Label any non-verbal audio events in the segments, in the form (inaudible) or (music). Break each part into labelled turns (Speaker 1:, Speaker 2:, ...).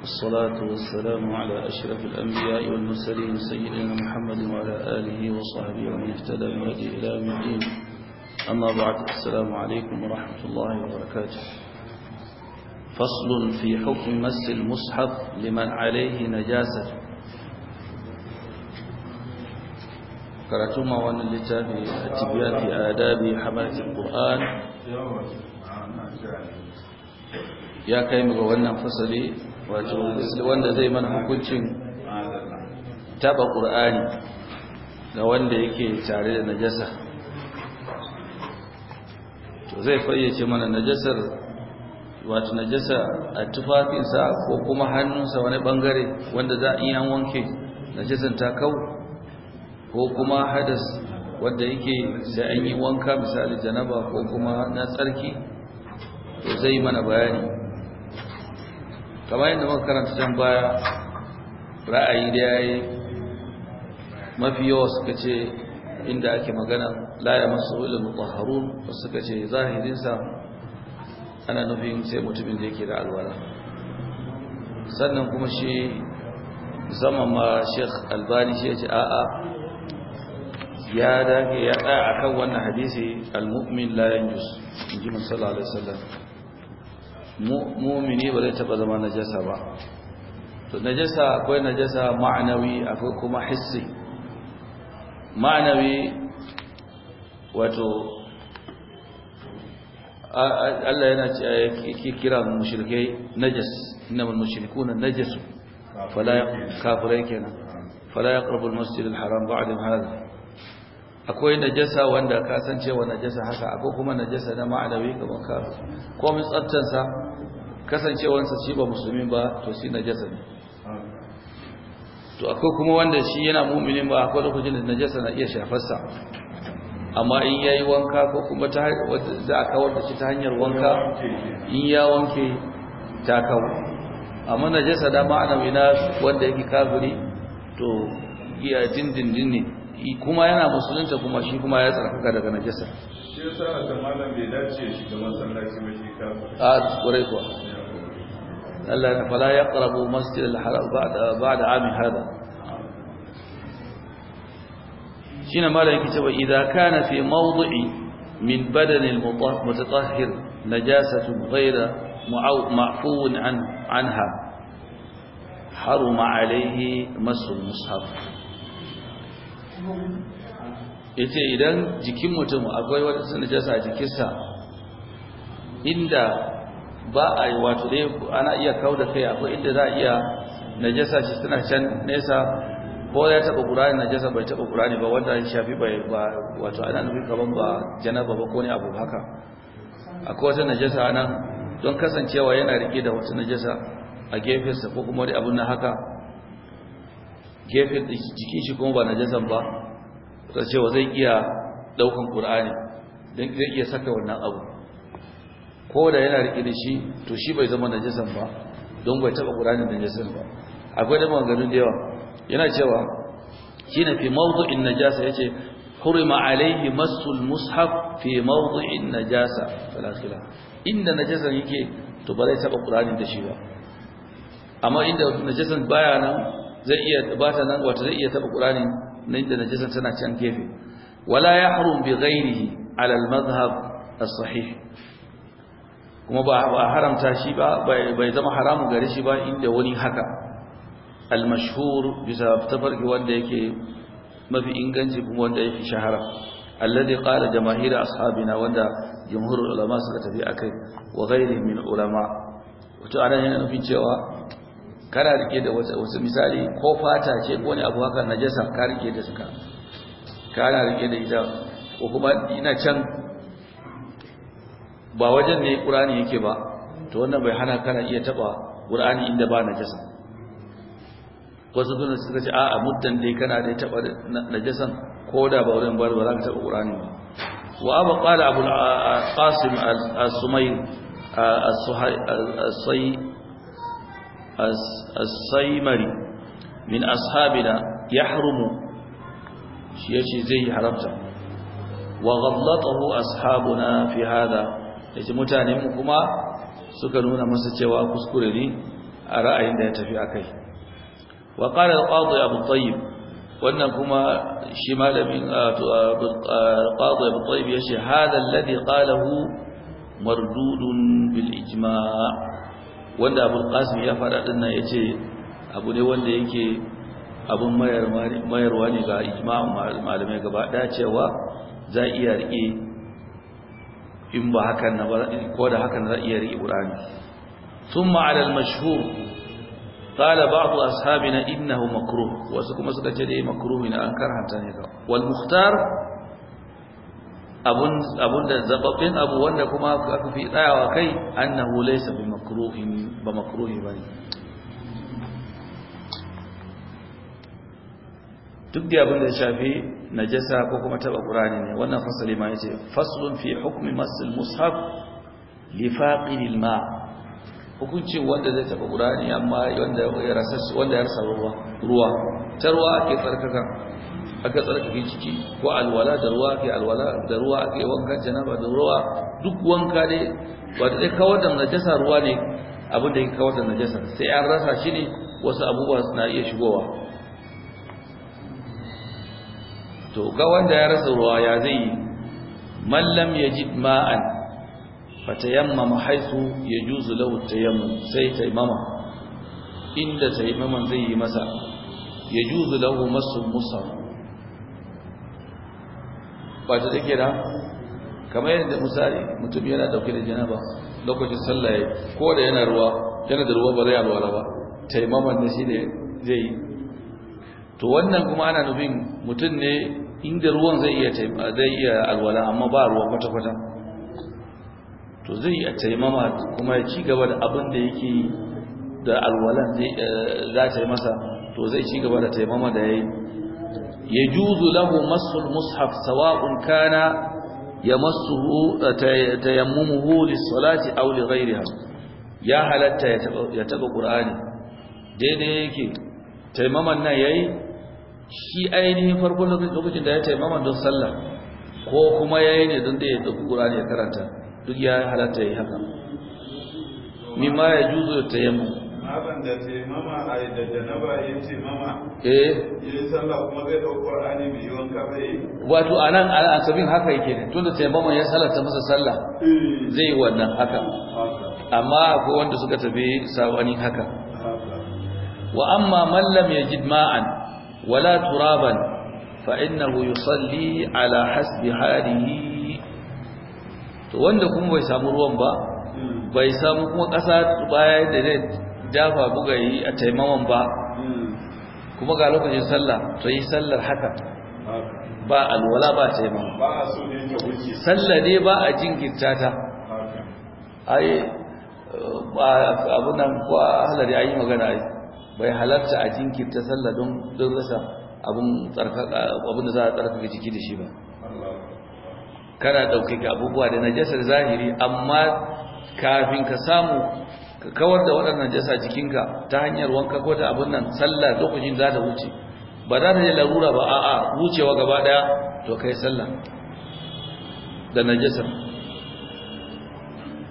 Speaker 1: والصلاة والسلام على أشرف الأنبياء والمرسلين سيدنا محمد وعلى آله وصحبه ومن اهتدى بهدي إلى يوم الدين أما بعد السلام عليكم ورحمة الله وبركاته فصل في حكم مس المصحف لمن عليه نجاسة قرأتما وأن اللتاب التبيان في آداب حملة القرآن ya kai mu ga wannan fasali wato wanda zai mana hukuncin taba qur'ani ga wanda yake tare da najasa to zai fayyace mana najasar wato najasa a tufafinsa ko kuma hannunsa wani bangare wanda za a iya wanke najasan ta kau ko kuma hadas wanda yake sai an yi wanka misali janaba ko kuma na tsarki to zai mana bayani kamar yadda muka karanta can baya ra'ayi da ya yi mafi yawa suka ce inda ake magana laye masu ilil mutahharun suka ce zahirinsa ana nufin sai mutumin da yake da alwala sannan kuma shi zama ma sheik Albani shi ya ce a'a ya dage ya a akan wannan hadisi al-mu'min ji musallu alaihi sallallahu alaihi wasallam mu'mini ba zai taba zama najasa ba to najasa akwai najasa ma'anawi akwai kuma hissi ma'anawi wato Allah yana kira mushrikai najas innamal mushrikuna najasu fala kafirai kenan fala yaqrabu al-masjid al-haram ba'da hadha akwai najasa wanda ka san cewa najasa haka akwai kuma najasa na ma'anawi kamar ka komai tsaftansa sa shi ba musulmi ba to shi najasa ne to akwai kuma wanda shi yana mu'mini ba akwai lokacin da najasa na iya shafarsa amma in yayi wanka ko kuma ta za a kawar da shi ta hanyar wanka in ya wanke ta kawo amma najasa da ma'anawi na wanda yake kafiri to iya dindindin ne kuma yana musulunta kuma shi kuma ya tsarkaka daga najasa
Speaker 2: shi yasa da malam bai dace shi ga masallaci ba shi ka a kurai kuwa
Speaker 1: Allah ya fala yaqrabu masjid al-haram ba'da ba'da amin hada shine malam yake cewa idan kana fi mawdi'i min badan al-mutatahhir najasatun ghayra ma'fuun an anha haruma alayhi masu mushaf yace idan jikin mutum akwai wata sanajasa a jikinsa inda ba a yi wato dai ana iya kawo da kai akwai inda za a iya najasa shi tana can nesa ko ya taɓa ƙurani najasa bai taɓa ƙurani ba wanda shafi bai ba wato ana nufin kaman ba janaba ba ko ne abu haka akwai wata najasa jasa nan don kasancewa yana rike da wata najasa a gefensa ko kuma wani abun na haka gefen jikin shi kuma ba najasan ba ta cewa zai iya daukan qur'ani dan zai iya saka wannan abu ko da yana rike da shi to shi bai zama najasan ba don bai taba qur'ani najasan ba akwai da maganganun da yawa yana cewa shine fi mawdu'in najasa yace حرم masul mushaf fi في in na jasa, خلاف inda najasan yake to ba zai taba qur'ani da shi ba amma inda najasan baya nan zai iya bata nan wata zai iya taba Qur'ani nan da najasa tana can gefe wala yahrum bi ghairihi ala al madhhab as sahih kuma ba haramta shi ba bai zama haramu gare shi ba inda wani haka al mashhur bisa tafarki wanda yake mafi inganci kuma wanda yake shahara alladhi qala jamaahir ashabina wanda jumhur ulama suka tafi akai wa ghairi min ulama wato anan yana nufin cewa kana rike da wasu misali ko fata ce ko wani abu haka najasa ka rike da suka kana rike da ita ko kuma ina can ba wajen ne qur'ani yake ba to wannan bai hana kana iya taba qur'ani inda ba najasa wasu sun suka ce a'a muddan dai kana da taba najasa ko da ba wurin bar ba za ka taba qur'ani ba wa abu qala abu al-qasim al-sumayr as-suhay as-sayy as-saymari min ashabina yahrumu shi yace zai haramta wa ghallatahu ashabuna fi hada yace mutanen mu kuma suka nuna masa cewa kuskure ne a ra'ayin da ya tafi akai wa qala al-qadi abu tayyib wannan kuma shi malamin qadi abu tayyib yace hada alladhi qalahu mardudun bil ijma' wanda abul ya faɗa din nan yace abu ne wanda yake abun mayarwa ne ga ijma'u malamai gaba daya cewa za iya riƙe. in ba hakan na ba ko da hakan za iya rike qur'ani thumma ala al-mashhur qala ba'd ashabina innahu makruh wasu kuma suka ce dai makruh ne an karhanta ne wal mukhtar abun da zababbin abu wanda kuma aka fi tsayawa kai annahu laysa bi makruhin ba makruhi bane duk da abin da shafi najasa ko kuma taba qur'ani ne wannan fasali ma yace faslun fi hukmi masil mushaf li faqil ma hukuncin wanda zai taba qur'ani amma wanda ya rasa wanda ya rasa ruwa ruwa tarwa ke tsarkaka aka tsarkake ciki ko alwala da ruwa ke alwala da ruwa ake wankan janaba da ruwa duk wanka dai ba dai kawar da najasa ruwa ne abin da yake kawar da najasa sai an rasa shi ne wasu abubuwa suna iya shigowa to ga wanda ya rasa ruwa ya zai yi man lam yajid ma'an tayammam haythu yajuzu lahu tayammum sai tayammama inda tayammaman zai yi masa yajuzu lahu masu musaf ba da take da kamar yadda misali mutum yana dauke da janaba lokacin sallah ya ko da yana ruwa yana da ruwa ba zai alwala ba taimaman ne shine zai yi to wannan kuma ana nufin mutum ne inda ruwan zai iya zai iya amma ba ruwa kwata kwata to zai iya taimama kuma ya ci gaba da abin da yake da alwalan zai eh, za ta yi masa to zai ci gaba da taimama da ya yayi يجوز له مس المصحف سواء كان يمسه تيممه للصلاة أو لغيرها يا هلتا يتبع قرآن daidai yake taimaman nan yayi shi ainihin farkon lokacin da ya taimaman don sallah ko kuma yayi ne don da ya dauki Qur'ani ya karanta duk ya halatta yayi haka
Speaker 2: mimma yajuzu tayammum Malam da taimama a da janaba ya taimama. Eh. Yi sallah kuma zai ɗau Qur'ani mai yawan kafa yi. Wato
Speaker 1: a nan al'asabin haka yake ne tunda taimama ya salata masa sallah. Eh. Zai wannan haka. Amma akwai wanda suka tafi sawani haka. Wa amma man lam yajid ma'an wala turaban fa innahu yusalli ala hasbi halihi. To wanda kuma bai samu ruwan ba hmm. bai samu kuma ƙasa baya da zai dafa buga yi a taimawan ba hmm. kuma ga lokacin sallah to yi sallar haka ba alwala ba taimawa
Speaker 2: sallah ne ba a jinkirta ta
Speaker 1: ai abunan ko halari ayi magana ai bai halarta a jinkirta sallah don don rasa abun da za a tsarkaka jiki da shi ba kana dauke ga abubuwa da najasar zahiri amma kafin ka samu ka kawar da waɗannan jasa jikinka ta hanyar wanka ko ta abin nan sallah lokacin za ta wuce ba za ta je larura ba a'a wucewa gaba ɗaya to kai sallah da najasa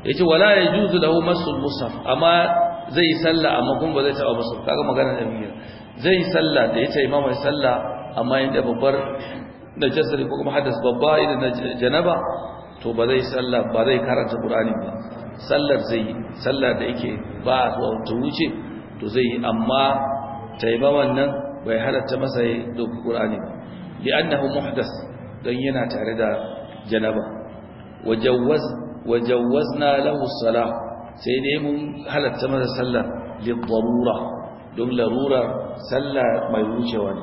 Speaker 1: ce wala da lahu masul musaf amma zai yi sallah amma kuma ba zai taɓa musaf kaga magana da miyar zai yi sallah da ce imamu ya sallah amma yadda babbar
Speaker 2: najasa ko kuma hadas babba idan janaba to ba zai sallah ba zai karanta qur'ani
Speaker 1: ba sallar zai sallar da yake ba a wuce to zai yi amma taimaman nan bai halatta masa ya doki ƙur'ani ba li annahu muhdas don yana tare da janaba wajawwaz wajawwazna lahu salah sai dai mun halatta masa sallar li darura don larura sallar mai wucewa ne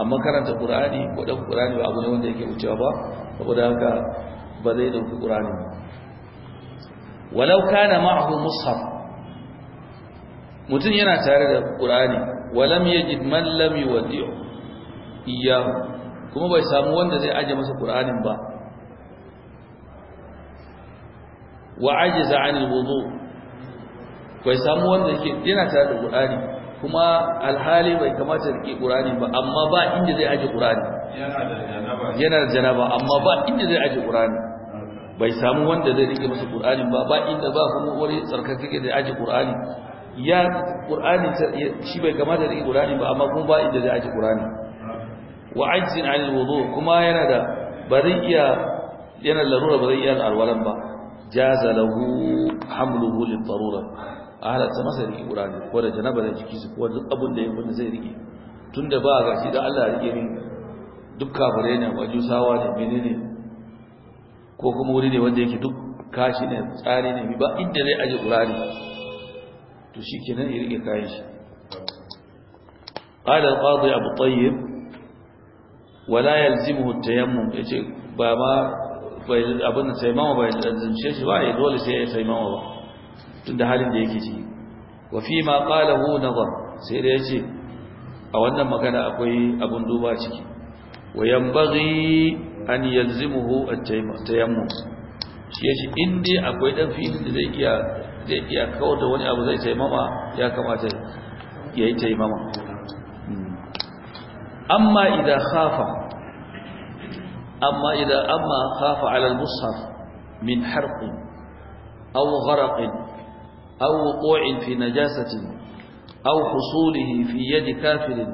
Speaker 1: amma karanta ƙur'ani ko ɗan ƙur'ani ba abu ne wanda yake wucewa ba saboda haka ba zai ɗauki ƙur'ani ba walau kana ma'ahu mushaf mutum yana tare da qur'ani walam yajid man lam yuwaddi'u iya. kuma bai samu wanda zai aje masa qur'anin ba wa ajiza 'anil wudu bai samu wanda yake yana tare da qur'ani kuma alhali bai kamata rike qur'ani ba amma ba inda zai aje qur'ani yana da janaba amma ba inda zai aje qur'ani bai samu wanda zai rike masa qur'ani ba ba inda ba kuma wani tsarkake da aji qur'ani ya qur'ani shi bai kamata da rike qur'ani ba amma kuma ba inda zai aji qur'ani wa ajzin an alwudu kuma yana da bazai iya yana larura bazai iya alwalan ba jaza lahu hamluhu lil darura ahla ta masa rike qur'ani ko da janaba da jiki su ko duk abun da yake zai rike tunda ba gashi da Allah ya rike ni duk kafare ne wajusawa ne menene ko kuma wuri ne wanda yake duk kashi ne tsari ne ba inda zai aje ƙurari to shi ke nan irge kayan shi ƙadar ƙadar abu tsayyib wala yalzimuhu tayammum ya ce ba ma abin da taimama ba ya zance shi ba ya eh, dole sai ya taimama ba tun da halin da yake ciki wa fi ma qalahu nazar sai da yace a wannan magana akwai abun duba ciki wa yanbaghi an yalzimuhu at-tayammum shi yace in dai akwai dan filin da zai iya zai iya kawar da wani abu zai taimama ya kamata ya yi taimama hmm. amma idan khafa amma idan amma khafa ala al-mushaf min harq aw gharq aw wuqu'in fi najasatin aw husulihi fi yadi kafirin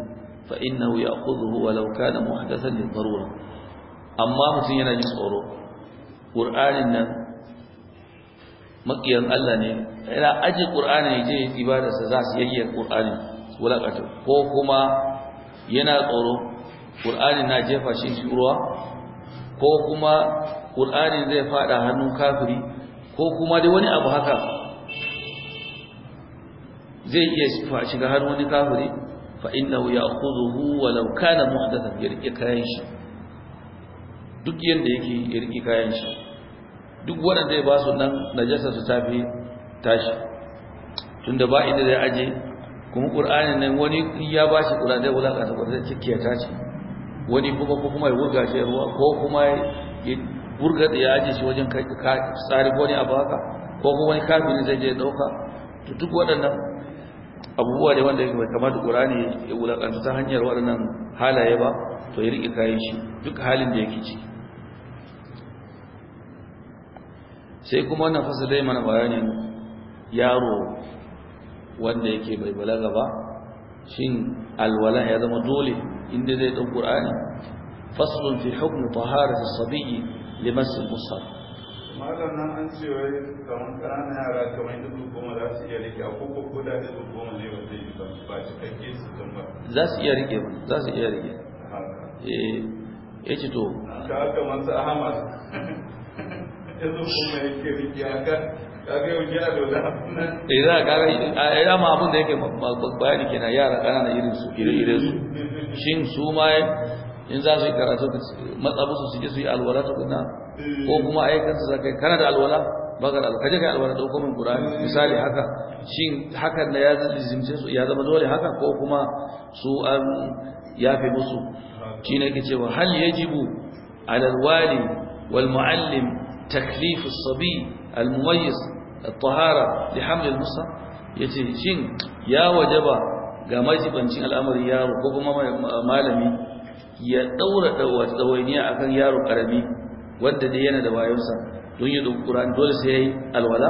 Speaker 1: fa innahu ya'khudhuhu walau kana muhdathan lid-darurah amma mutum yana jin tsoro ƙur'anin nan maƙiyan Allah ne yana ajiyar ƙur'anin ya je ibadarsa za su yayyar ƙur'anin wulaƙata ko kuma yana tsoro ƙur'anin na jefa shi ruwa ko kuma ƙur'anin zai faɗa hannun kafiri ko kuma dai wani abu haka zai iya shiga hannun wani kafiri fa innahu ya'khudhuhu walau kana muhdathan yarki kayan shi duk yadda yake ya riƙe kayan shi duk waɗanda ya ba su nan najasa su tafi tashi tunda ba inda zai aje kuma ƙur'ani nan wani ya ba shi ƙur'an zai wulaƙa ta ƙwarta cikkiya tashi wani kuma ko kuma ya wurga shi ruwa ko kuma ya wurga ya aje shi wajen tsari ko ne abu haka ko kuma wani kafin zai je ɗauka to duk waɗannan abubuwa ne wanda kamar da ƙur'ani ya wulaƙanta ta hanyar waɗannan halaye ba to ya riƙe kayan shi duk halin da yake ciki sai kuma na fasa dai mana bayanin yaro wanda yake bai balaga ba shin alwala ya zama dole inda zai ɗan ƙur'ani faslun fi hukmi taharat as-sabiy limas al-mushaf
Speaker 2: malam nan an ce wai kamar ƙananan yara kamar dubu goma za su iya rike ko ko koda dubu goma ne ba zai yi ba ba cikakke su kan ba za su iya rike
Speaker 1: ba za su iya rike eh yace to ka kamar su ahmad yanzu da wani za ka ga eh, da yake bayani kenan yara kanana irin su ire-ire su shin su ma in za su yi karatu matsabu su suke su yi alwala tukuna ko kuma ayyukan su zakai kana da alwala bakar alkaje kai alwala dauko min qur'ani misali haka shin hakan da ya zimce su ya zama dole haka ko kuma su an yafe musu ne ke cewa hal yajibu ala alwali wal muallim تكليف الصبي المميز الطهارة لحمل المصحف yace shin ya wajaba ga majibancin al'amari yaro ko kuma malami ya daura dawa akan yaro karami wanda dai yana da wayonsa don ya dauki Qur'an dole sai yayi alwala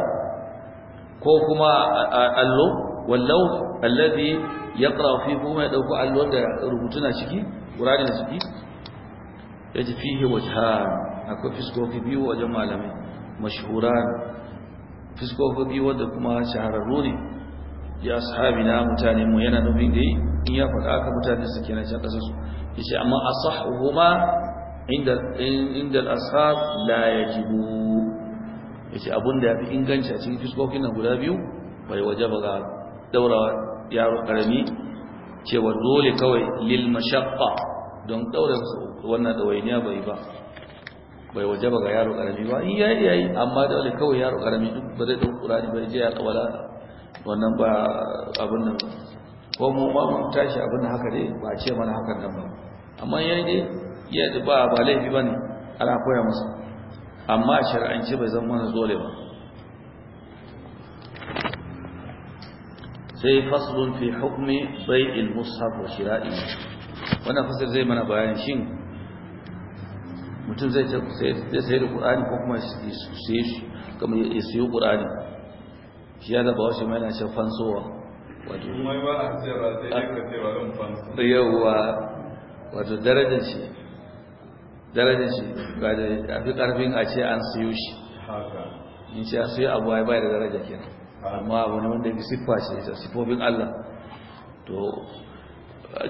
Speaker 1: ko kuma allo wallau alladhi yaqra fi kuma ya dauki allo da rubutuna ciki Qur'ani ciki akwai fiskofi biyu wajen malamai Mashura fiskofi biyu wadda kuma shahararru ne ya sahabi na mutane mu yana nufin dai in ya faɗa aka mutane su kenan can ƙasarsu. su ce amma a asahuhuma inda inda al-ashab la ya ce abun da fi inganci a cikin fiskokin na guda biyu bai waje ba ga daurawa yaro karami cewa dole kawai lil mashaqqa don daura wannan dawainiya bai ba bai waje ba ga yaro karami ba in yayi yayi amma dole kawai yaro karami duk ba zai dauki Qur'ani ba je ya wala wannan ba abin nan ko mu ma mun tashi abin nan haka dai ba a ce mana hakan nan ba amma yayi dai ya ba ba laifi bane ana koya musu amma shar'anci bai zama mana dole ba sai faslun fi hukmi bai'il mushaf wa shira'i wannan fasal zai mana bayanin shin mutum zai sai da ƙur'ani ko kuma sai shi kamar ya siyo ƙur'ani shi ya zaba wasu mai na shan fansowa wato yawwa wato darajar shi darajar shi ga da a fi ƙarfin a ce an siyo shi in ce a siyo abu ya bai da daraja ke. amma abu ne wanda ya siffa shi siffofin Allah to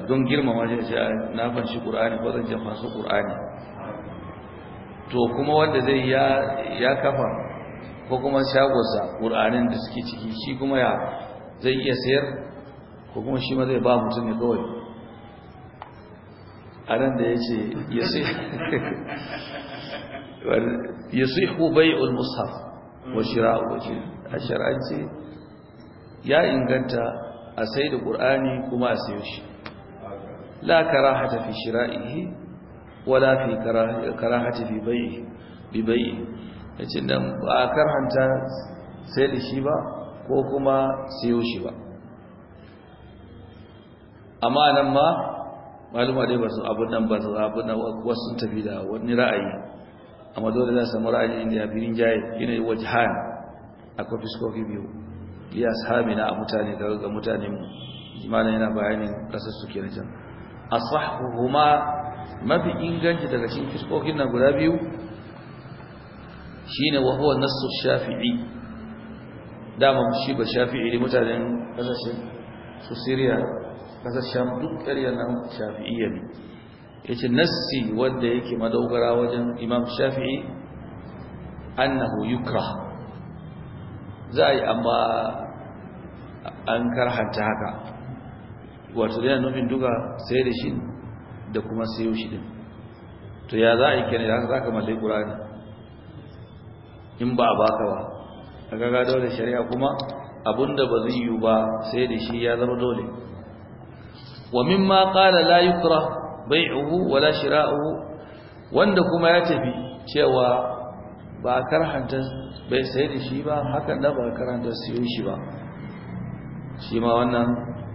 Speaker 1: don girmama shi na fanshi ƙur'ani ko zan jan fansu ƙur'ani to kuma wanda zai ya kafa ko kuma shagonsa ƙur'anin da suke ciki shi kuma ya zai iya sayar ko kuma shi ma zai ba mutum ne kawai a nan da ya ce ya sai (laughs) bai ulmusaf. wa shira'u wa a ya inganta a sai da ƙur'ani kuma a sayo shi la karahata fi shira'ihi wala fi karahati fi bai bi bai yace dan ba karhanta sai da shi ba ko kuma siyo shi ba amma nan ma maluma dai ba su abun nan ba su abun nan wasu tafi da wani ra'ayi amma dole za samu ra'ayi inda ya birin jaye yana wajhan akwai fiskoki biyu li ashabi a mutane ga mutane mu imanin yana bayanin kasar su kenan can asahuhuma mafi inganci daga cikin fiskokin na guda biyu shine wa huwa nassu shafi'i dama shi ba shafi'i ne mutanen kasashen su siriya kasashen duk ƙarya nan Shafi'iyya ne yace nassi wanda yake madogara wajen Imam Shafi'i annahu yukrah za a yi amma an karhanta haka wato yana nufin duka sai da shi da kuma sayo shi din to ya za a yi kenan da za ka mallai ƙur'ani in ba a baka ba a gaga dole shari'a kuma abinda ba zai yiwu ba sai da shi ya zama dole wa mimma qala la yukra bai'uhu wala shira'uhu wanda kuma ya tafi cewa ba karhanta bai sai da shi ba hakan da ba karhanta siyo shi ba shi ma wannan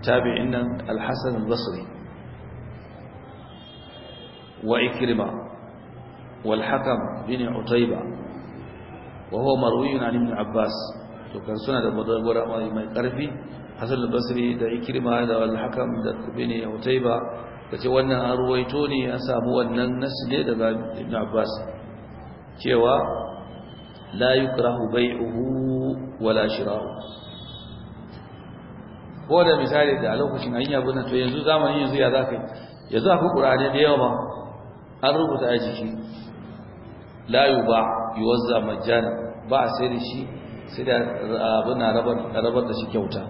Speaker 1: tabi'in nan al-Hasan al-Basri وإكرمة والحكم بن عتيبة وهو مروي عن ابن عباس وكان سنة مدغورة ما يقرفي حسن البصري ده إكرمة ده والحكم ده بن عتيبة kace wannan an ruwaito ne an samu wannan nasu ne daga Ibn Abbas cewa la wala ko da misali da a lokacin hanya yabi to yanzu zamanin yanzu ya zaka yanzu akwai qur'ani da yawa an rubuta a jiki la wanzu a majani, ba a sai da shi sai da da ah, rabar da shi kyauta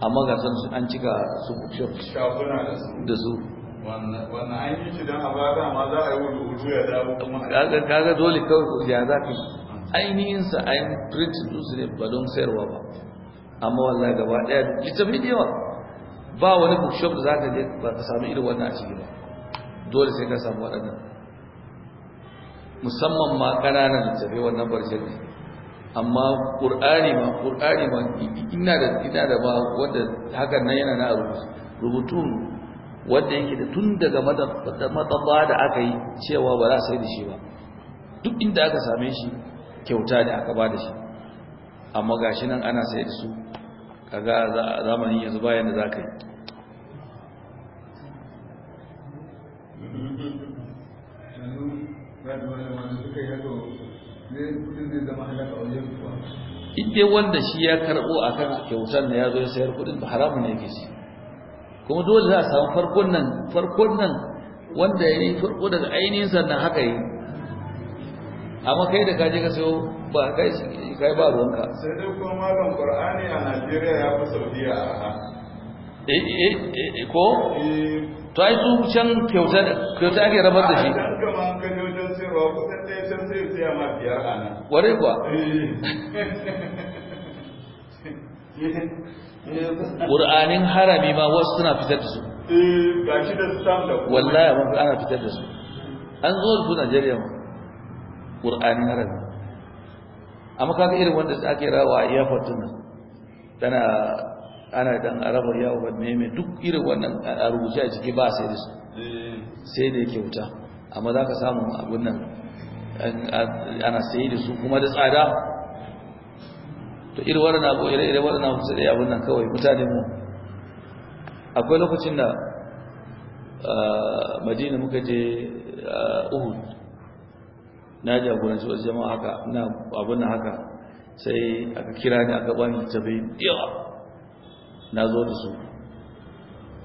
Speaker 1: amma ga san an cika su shaguna da su wannan an yi shi don a ba ma za a yi wuce ya dawo kuma kaga dole kawai ya za ka yi sa ayin print su ne ba don sayarwa ba amma wallah gaba daya ita mai yawa ba wani bookshop da za ka je ba ka samu irin wannan a ciki ba dole sai ka samu waɗannan musamman ma ƙananan littafai wannan barjar ne amma ƙur'ani ma ƙur'ani ma ina da ina da ba wanda hakan nan yana na rubutu wanda yake da tun daga matsaba da aka yi cewa ba za a sai da shi ba duk inda aka same shi kyauta ne aka ba da shi amma gashi nan ana sai da su kaga zamanin yanzu bayan da za ka yi in dai wanda shi ya karbo kan kyautar da ya zo ya sayar kudin ba haramun ne yake shi kuma dole za a samu farkon nan farkon nan wanda ya yi farko daga ainihin sannan haka yi amma kai da kaje ka sayo ba kai kai ba ruwanka
Speaker 2: sai dai kuma malam qur'ani a Najeriya ya fi saudiya a
Speaker 1: Eh, eh, eh, ko to ai su can kyauta kyauta ake rabar da shi
Speaker 2: ware kuwa ƙur'anin (laughs) harami ma wasu suna fitar da su wallahi abin ana fitar
Speaker 1: da su an zo su najeriya ma ƙur'anin harami amma kaga irin wanda ake rawa a iya nan tana ana dan araba ya uban meme duk irin wannan a rubuce a ciki ba sai da su eh. sai da kyauta amma za ka samu abin nan ana sai da su kuma da tsada to irin wannan abu irin irin wannan abu sai abin nan kawai mutane mu akwai lokacin da madina muka je uhud na jagoranci wasu jama'a haka ina abin nan haka sai aka kira ni aka bani tabi yawa na zo da su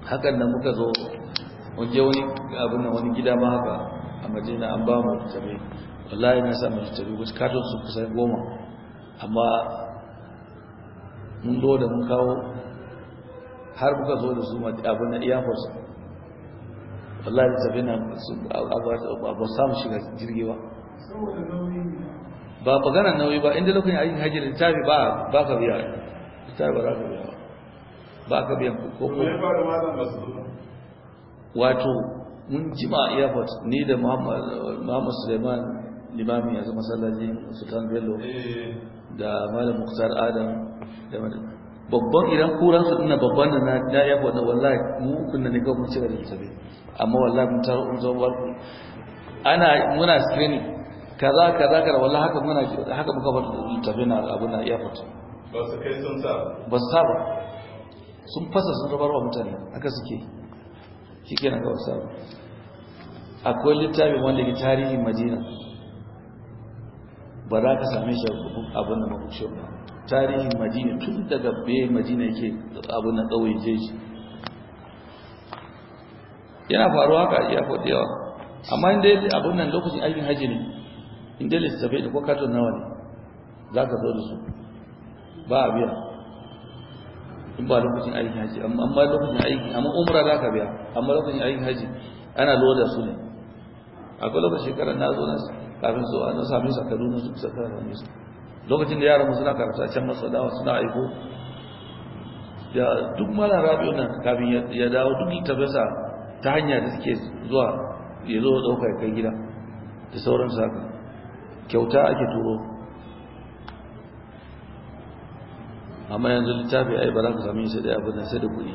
Speaker 1: hakan da muka zo waje wani abin da wani gida ma haka a majina an ba mu tabe wallahi na samu tabe wasu katon su kusa goma amma mun zo da mun kawo har muka zo da su abin na iyakos wallahi tabe na abu samu shiga jirgi ba ba maganar nauyi ba inda lokacin ayyukan hajji da tafi ba ka biya ba za ka biya ba ka biyan ko ko wato mun jima airport ni da Muhammad Suleiman limami yanzu masallacin Sultan Bello eh. da Malam Muktar Adam da babban idan kuran su dinna babban da na airport da wallahi mu kun ne ga mun cire da sabi amma wallahi mun taro mun zo bar ana muna screen kaza kaza kaza wallahi haka muna haka muka bar tafi na abu na airport
Speaker 2: ba su kai sun sa ba su sa ba
Speaker 1: sun fasa sun rabar wa mutane aka suke shi kenan ga wasu akwai littafin wanda ke tarihin majina. ba za ka same shi abin da makwabci ba tarihin majina, tun daga bai majina yake abin da ce shi yana faruwa ka iya kwaɗe yawa amma inda yadda abin nan lokacin aikin haji ne inda littattafai da ko katon nawa ne za ka zo da su ba a biya in ba lokacin aikin haji amma lokacin aiki amma umra za ka biya amma lokacin aikin haji ana loda su ne akwai lokacin shekarar na zo na kafin su an sami su a kaduna su kusa kara nisa lokacin da yaran musu suna karatu a can masu dawa suna aiko ya duk mana rabi'u nan kafin ya dawo duk basa ta hanya da suke zuwa ya zo ɗauka ya kai gida da sauran saka kyauta ake turo amma yanzu littafi ai ba za ka sami shi da abin da sai da kuɗi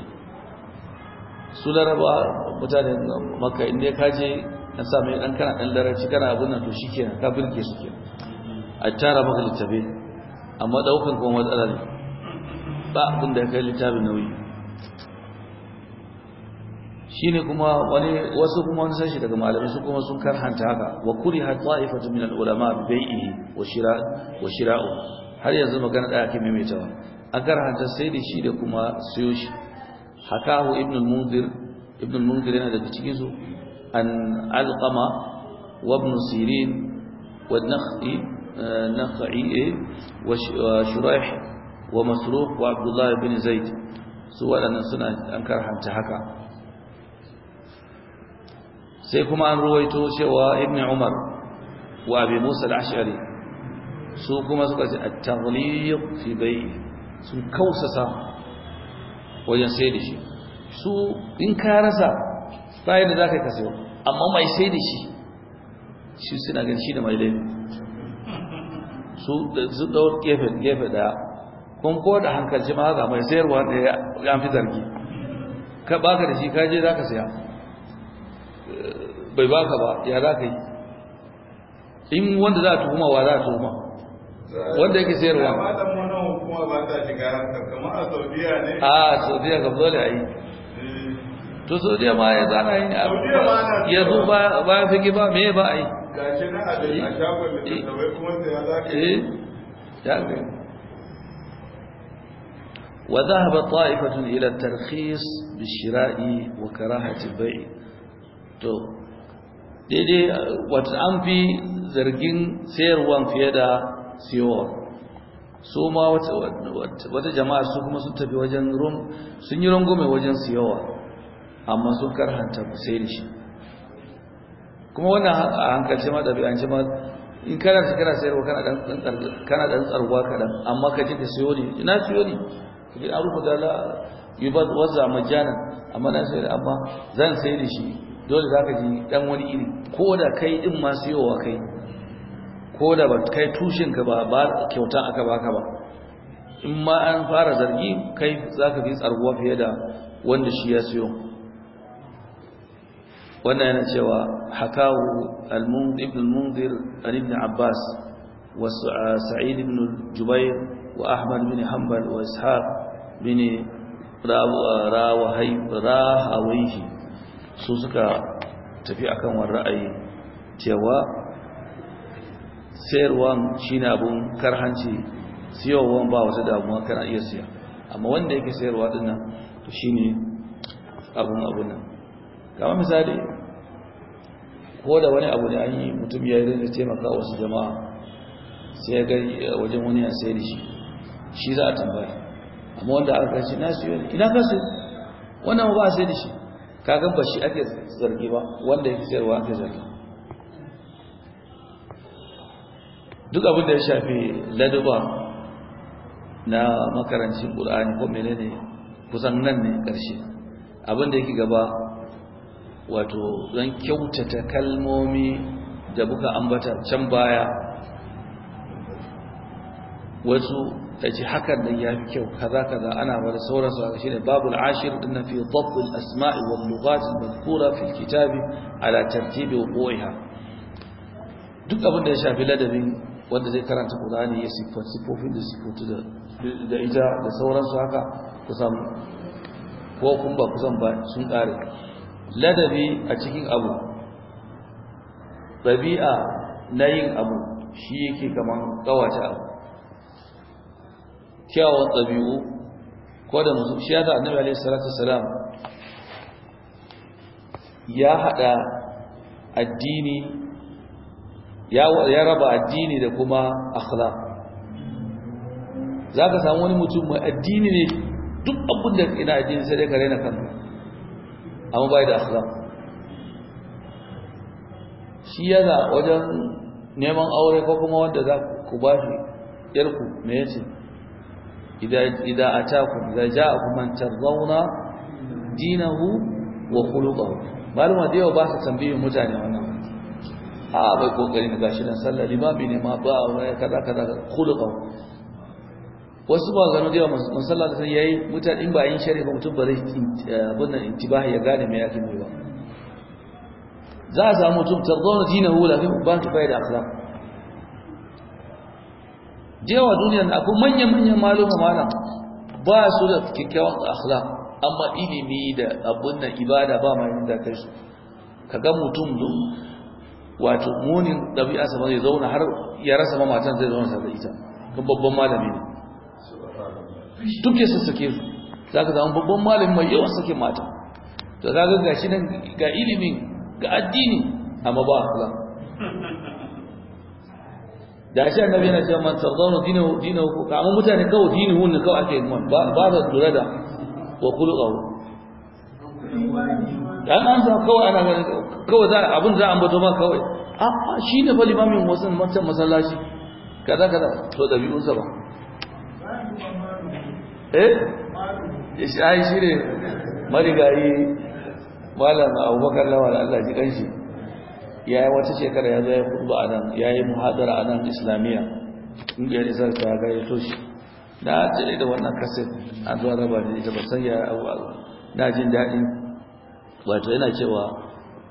Speaker 1: su laraba mutane maka inda ka je an sa mai ɗan kana ɗan larabci kana abin nan to shi kenan ka birge su ke. a tara maka littafi amma ɗaukar kuma matsala ne ba abin da ya kai littafi nauyi
Speaker 2: shi ne kuma wani wasu kuma wani sashi daga malamai su kuma sun karhanta haka
Speaker 1: wa kuri ha ta'ifatu min al-ulama bi bai'ihi wa shira'u har yanzu magana ɗaya ake maimaitawa a garhanta sai da shi da kuma siyo shi hakahu ibn al ibn al yana daga cikin su an alqama wa ibn sirin wa nakh'i eh, nakh'i eh, wa wa masruq wa abdullah ibn zaid su wadannan suna an karhanta haka sai kuma an ruwaito cewa ibn umar wa abi musa al-ash'ari su kuma suka ce at-taghliq fi bai'i sun kausasa wajen sai da shi su in ka rasa bayan da za ka kasewa amma mai sai da shi shi suna gan shi da mai laifi su da ɗau gefe gefe ɗaya kun ko da hankalci ma ga mai sayarwa da ya fi zargi ka baka da shi ka je za ka saya eh, bai baka ba ya za ka yi in wanda za a tuhuma wa za a tuhuma wanda yake sayarwa
Speaker 2: kuma ba ta shiga haka a saudiya ne a saudiya kam dole a
Speaker 1: yi eh. to saudiya ma ya zana yi yanzu ba fiki ba me ba a yi
Speaker 2: gashi na a eh. shagon da ta kuma sai ya za
Speaker 1: ka yi وذهب طائفة إلى الترخيص بالشراء وكراهة البيع تو daidai wata an fi zargin sayarwan fiye da siyowar su ma wata jama'a su kuma sun tafi wajen rum sun yi rungume wajen su yawa amma sun karhanta da shi kuma wannan a hankalce ma ɗabi'ance ma in kana su kana sayarwa kana ɗan tsarwa kaɗan amma ka ji ka siyo ne ina siyo ne ka ji an rubuta la yi ba wazza majanan amma na sayar amma zan sayar da shi dole za ka ji ɗan wani iri ko da kai ɗin ma siyowa kai ko da ba kai tushenka ba ba kyauta aka baka ba in ma an fara zargi kai zaka fi tsarguwa fiye da wanda shi ya siyo
Speaker 2: wannan yana cewa
Speaker 1: hakahu ibn al-munzir an ibn abbas wa sa'id ibn jubair wa ahmad ibn hanbal wa ishaq ibn rahawaihi su suka tafi akan wannan ra'ayi cewa sayarwan shi ne abun karhanci siyowan ba wata damuwa kana iya siya amma wanda yake sayarwa din nan to ne abun abun nan kamar misali ko da wani abu ne an yi mutum ya yi da taimaka wasu jama'a sai ga eh, wajen wani ya sayar shi shi za a tambaya amma wanda aka kace na siyo ne ina ka siyo wannan ba sai da shi kagan ba shi ake zargi ba wanda yake sayarwa ake zargi duk abin da ya shafi ladaba na makarancin ƙulani ko menene kusan nan ne ƙarshe abin da yake gaba wato don kyautata kalmomi da buka ambata can baya wasu ta ce hakan nan ya fi kyau kaza kaza ana bada sauransu a shine babu ashir inna fi dhabt al-asma'i wal lughat al-madhkura fi al-kitabi ala tartibi duk abin da ya shafi ladabin wanda zai karanta Qur'ani ya siffar siffofin da sifotu da ita da sauransu haka kusan ko kun ba kusan ba sun kare ladabi a cikin abu ɗabi'a na yin abu shi yake kaman kawace abu kyawun ɗabi'u ko da musu shi yasa annabi alaihi salatu wassalam ya hada addini ya raba addini da kuma akhla. Za ka samu wani mutum mai addini ne duk abin da ina addini sai dai ka raina kan amma bai da akhla. shi yana wajen neman aure ko kuma wanda za ku ba shi yarku me yace idan da ja ja'akum man tarzauna dinahu wa khuluquhu malama da yau ba su tambayi mutane wannan a bai kokari ne gashi nan sallah, limami ne ma ba wai kaza kaza khuluqan wasu ba gano da mun sallar da yayi mutan in ba yin shari'a mutum ba zai abin nan intibahi ya gane me yake mai ba za a samu mutum jina dinahu la ba ta faida da akhlaq jewa duniyar na akwai manya-manyan maluma malam ba su da kyakkyawan akhlaq amma ilimi da abun nan ibada ba ma yin da kai ka ga mutum duk wato munin ɗabi'arsa ba zai zauna har ya rasa ma matan zai zauna da ita kan babban malami ne duk ya sassake su za ka zama babban malami mai yawan sake mata to za ka gashi nan ga ilimin ga addini amma ba akhlaq da shi annabi yana cewa man tardanu dinahu dinahu ko amma mutane kawai dinihu ne kawai ake mun ba ba da lura da wa khuluqahu
Speaker 2: dan an sa kawai ana ganin
Speaker 1: kawai za abin za a mato ba kawai a shi ne fa limamin wasan wancan masallaci kaza kaza to dabi'unsa ba eh shi ai shi ne marigayi malam abubakar lawal Allah ji kanshi ya yi wata shekara ya zo ya kurba a nan ya yi muhadara a nan islamiyya ƙungiyar isar ta ya toshi na tsaye da wannan kaset an zuwa raba da ita ba sanya abu na jin daɗin wato yana cewa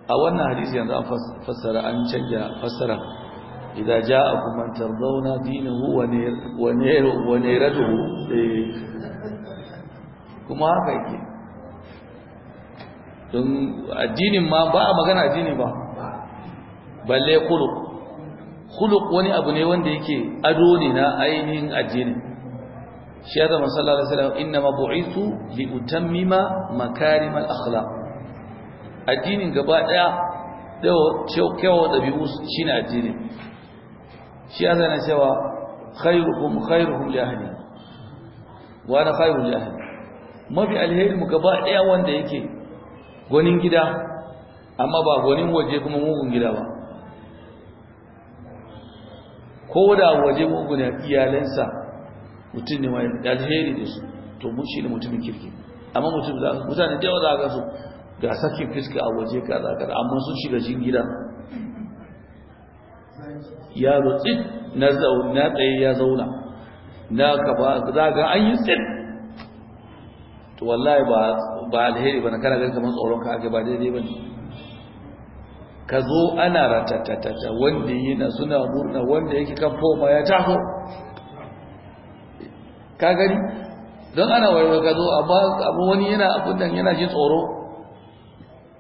Speaker 1: a wannan hadisi yanzu an fassara an canja fassara idza ja'akum man tardawna dinahu wa nayru wa nayratuhu eh. kuma haka yake don addinin ma ba a magana addini ba balle khuluq khuluq wani abu ne wanda yake ado ne na ainihin addini shi ya zama sallallahu alaihi wasallam inna ma bu'itu li utammima makarimal akhlaq addinin gaba daya da ɗabi'u shi ne addini. shi ya ne cewa khairukum khairuhum li ahli wa ana khairu li ahli mafi alheri mu gaba daya wanda yake gonin gida amma ba gonin waje kuma mugun gida ba ko da waje mugun iyalansa mutum ne mai alheri da su to mun shi ne mutumin kirki amma mutum za mutane da yawa za ka so ga sakin fiska a waje kaza kaza amma sun shiga cikin gida yaro tsit na zauna tsaye ya zauna na ka ba za ga an yi tsit to wallahi ba ba alheri bane kana ganin kamar tsoron ka ake ba daidai ba ka zo ana ratatatata wanda na suna murna wanda yake kan foma ya taho ka gani don ana waiwai ka zo amma wani yana abin nan yana shi tsoro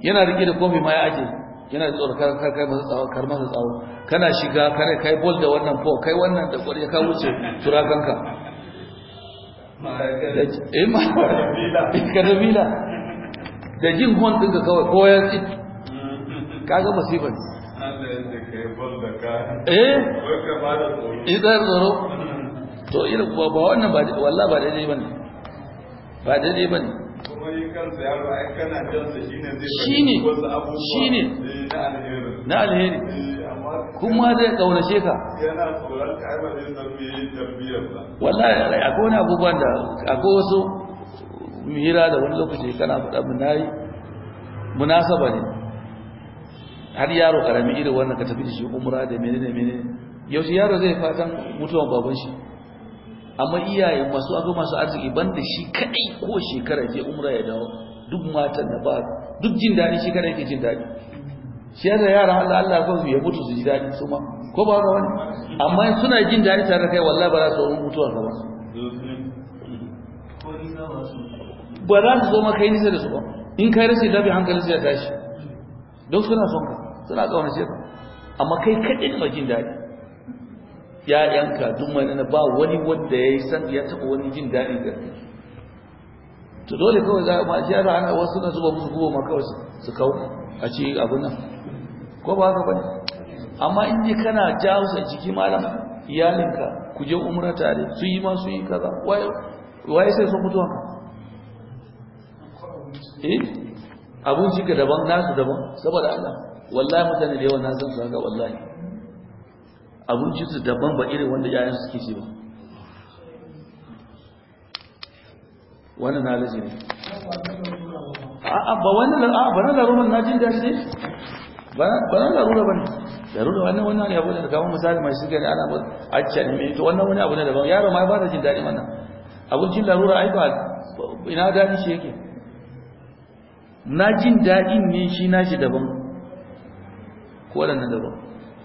Speaker 1: yana rike da kofi ma ya aje yana da tsoro kar kai masa tsawo kar masa tsawo kana shiga kare kai bol da wannan ko kai wannan da kwari ka wuce turakanka eh ma karabila da jin hon ka kawai ko ya tsit kaga masifar
Speaker 2: eh idan tsoro eh, mm-hmm.
Speaker 1: to irin ba wannan ba wallahi ba daidai bane ba daidai bane
Speaker 2: shine shine eh, na alheri eh, kuma zai kaunace ka yana tsoron kaimarin mai tarbiyyar ba wallahi akwai wani abubuwan da
Speaker 1: akwai wasu muhira da wani lokaci kana faɗa mu nayi munasaba ne har yaro karami irin wannan ka tafi da shi umra da menene menene shi yaro zai fatan mutuwan baban shi amma iyayen masu abu masu arziki banda shi kadai ko shekara je umra ya dawo duk matan da ba duk jin daɗi shi kadai ke jin daɗi shi yasa yara Allah Allah ya ya mutu su ji daɗi su ma ko ba ga wani amma suna jin daɗi tare kai wallahi ba za su zo mutuwa ba ba
Speaker 2: za su zo ma kai
Speaker 1: nisa da su ba in kai rasa dabi hankali sai ya tashi don suna son ka suna kaunace ka amma kai kadai ba jin daɗi yanka duk mai ba wani wanda ya san ya taɓa wani jin daɗin da kai to dole kawai za ma jiyar ana wasu na zuba musu goma kawai su kawo a ce abu nan ko ba haka bane amma in ji kana jawo sa jiki malam iyalinka ku je umra tare su yi ma su yi kaza waye sai sun mutuwa eh abun shi daban nasu daban saboda Allah wallahi mutane da yawa na san su haka wallahi su daban ba irin wanda yayin suke ci ba wannan nalaji ne
Speaker 2: a'a ba wannan a'a ba na jin
Speaker 1: najin da shi ba na larura ba ne larura wannan wannan ne abu da kamar misali mai shiga ne ana acca ne mai to wannan wani abu ne daban yaro ma ba da jin daɗi wannan abincin larura ai ba ina daɗi shi yake na jin daɗin ne shi na shi daban ko waɗannan daban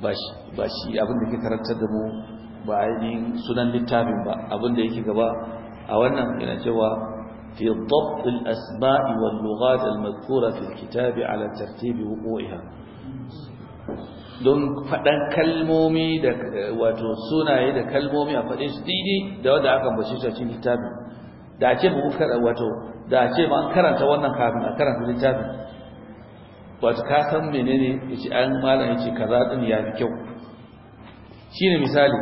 Speaker 1: ba shi abin da ke karantar da mu ba ainihin sunan littafin ba abin da yake gaba a wannan yana cewa في ضبط الأسماء واللغات المذكورة في الكتاب على ترتيب وقوعها don faɗan kalmomi da wato sunaye da kalmomi a fadin su didi da wanda aka bace shi cikin littafin da ce mu wato da ce ma an karanta wannan kafin a karanta littafin wato kasan menene yace an malam yace kaza din ya fi kyau ne misali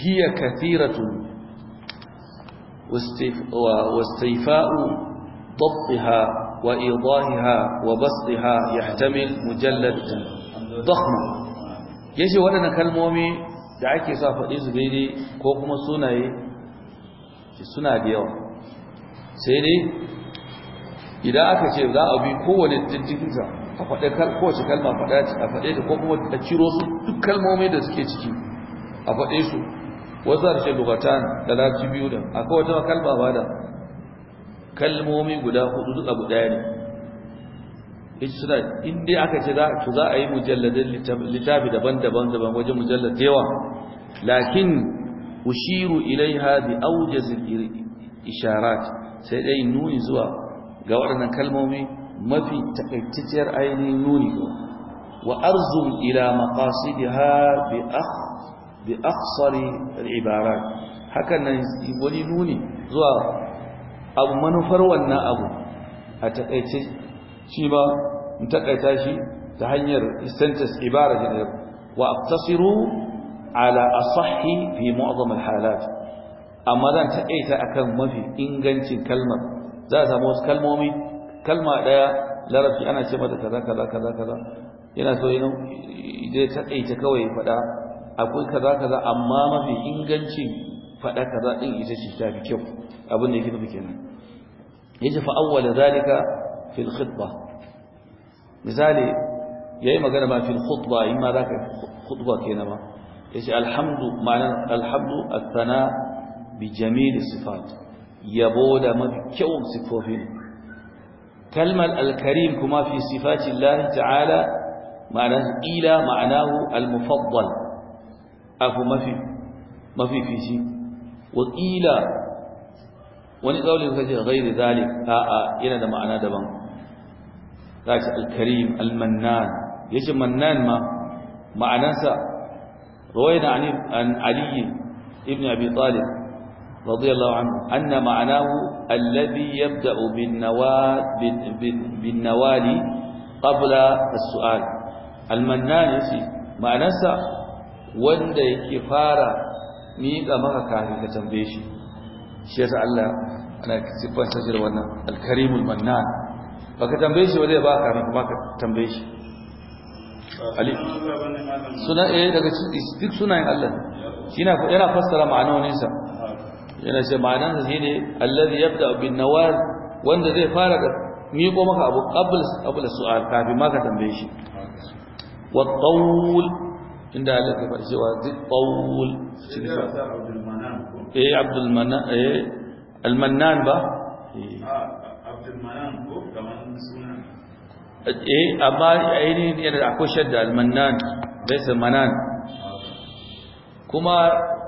Speaker 1: hiya kathiratun واستيفاء ضبطها وإيضاحها وبسطها يحتمل مجلد ضخم yace waɗannan kalmomi da ake sa faɗi su daidai ko kuma sunaye suna da yawa sai dai idan aka ce za a bi kowane jijjiginsa a faɗe kowace kalma faɗa a faɗe ta ko kuma a ciro su duk kalmomi da suke ciki a faɗe su wasu harshe lugatan da larci biyu da a kowace kalma ba da kalmomi guda hudu duk abu ɗaya ne ita suna inda aka ce za a yi mujalladin littafi daban-daban daban wajen mujallar da yawa lakin ushiru ilaiha bi aujazil isharat sai dai nuni zuwa ga waɗannan kalmomi mafi takaitacciyar ainihin nuni wa arzum ila maqasidiha bi akh bi akhsari al-ibarat nan wani nuni zuwa abu manufar wannan abu a takaice shi ba in takaita shi ta hanyar sentence ibara ne wa aftasiru ala asahhi fi mu'zam al-halat amma zan takaita akan mafi ingancin kalmar za a samu wasu kalmomi kalma ɗaya larabci ana ce mata kaza kaza kaza kaza yana so yana zai taƙaita kawai faɗa akwai kaza kaza amma mafi ingancin faɗa kaza ɗin ita ce ta fi kyau abin da ya yake nufi kenan ce, fa awwala zalika fil khutba misali yayi magana ma fil khutba in ma zaka khutba kenan ma yace alhamdu ma'ana alhamdu athana bi jamil sifat يبو لمن كوم سفوهن كلمة الكريم كما في صفات الله تعالى معناه إلى معناه المفضل أفو ما في ما في في شيء وإلى ونقول غير ذلك آآ آه، آآ آه، إلى معناه دبان
Speaker 2: ذلك الكريم المنان يجب منان ما
Speaker 1: معناه روينا عن علي ابن أبي طالب رضي الله عنه أن معناه الذي يبدأ بالنوال قبل السؤال المنان معنسا wanda yake fara miƙa maka kafin ka tambaye shi shi yasa Allah ana siffanta shi da wannan alkarimul mannan baka tambaye shi kuma ka tambaye shi ali suna eh daga duk sunayen Allah yana fassara ma'anoninsa yana ce ma'anansa shine allazi yabda bin nawaz wanda zai fara ni miƙo maka abu qabl qabl su'al kafin ma ka tambaye shi wa qawl inda Allah ya faɗi cewa duk qawl
Speaker 2: shi ne Abdul Manan eh Abdul Manan eh Al ah, Mannan ba
Speaker 1: Abdul Manan ko kaman sunan eh amma ainihin yana akwai shadda Al Mannan bai ah. Manan kuma